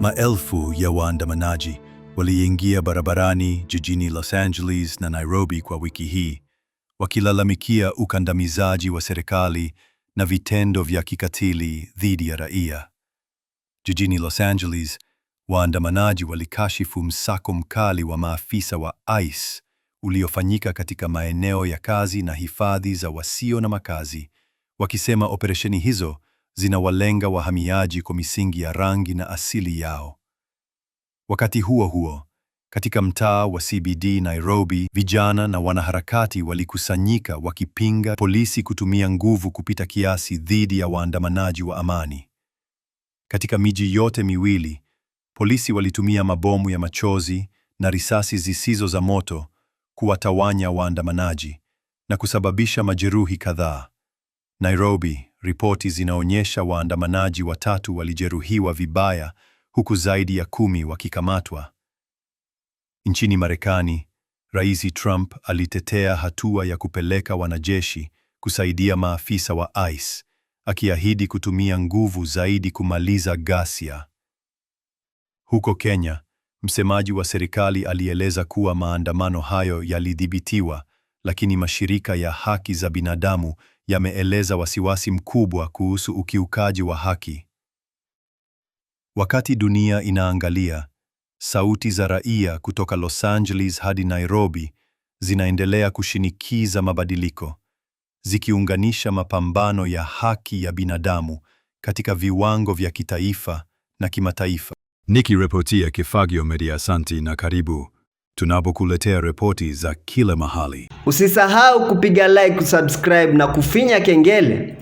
Maelfu ya waandamanaji waliingia barabarani jijini Los Angeles na Nairobi kwa wiki hii, wakilalamikia ukandamizaji wa serikali na vitendo vya kikatili dhidi ya raia. Jijini Los Angeles, waandamanaji walikashifu msako mkali wa maafisa wa ICE uliofanyika katika maeneo ya kazi na hifadhi za wasio na makazi, wakisema operesheni hizo zinawalenga wahamiaji kwa misingi ya rangi na asili yao. Wakati huo huo, katika mtaa wa CBD Nairobi, vijana na wanaharakati walikusanyika wakipinga polisi kutumia nguvu kupita kiasi dhidi ya waandamanaji wa amani. Katika miji yote miwili, polisi walitumia mabomu ya machozi na risasi zisizo za moto kuwatawanya waandamanaji na kusababisha majeruhi kadhaa. Nairobi ripoti zinaonyesha waandamanaji watatu walijeruhiwa vibaya huku zaidi ya kumi wakikamatwa. Nchini Marekani, Rais Trump alitetea hatua ya kupeleka wanajeshi kusaidia maafisa wa ICE, akiahidi kutumia nguvu zaidi kumaliza ghasia. Huko Kenya, msemaji wa serikali alieleza kuwa maandamano hayo yalidhibitiwa lakini mashirika ya haki za binadamu yameeleza wasiwasi mkubwa kuhusu ukiukaji wa haki. Wakati dunia inaangalia, sauti za raia kutoka Los Angeles hadi Nairobi zinaendelea kushinikiza mabadiliko, zikiunganisha mapambano ya haki ya binadamu katika viwango vya kitaifa na kimataifa. Nikiripotia Kifagio Media, asanti na karibu tunapokuletea ripoti za kila mahali. Usisahau kupiga like, kusubscribe na kufinya kengele